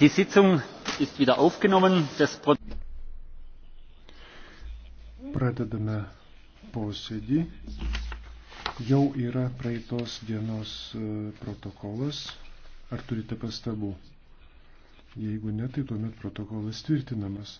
die sitzung ist wieder aufgenommen. pradedame posėdį. Jau yra praeitos dienos e, protokolas. Ar turite pastabų? Jeigu ne, tai tuomet protokolas tvirtinamas.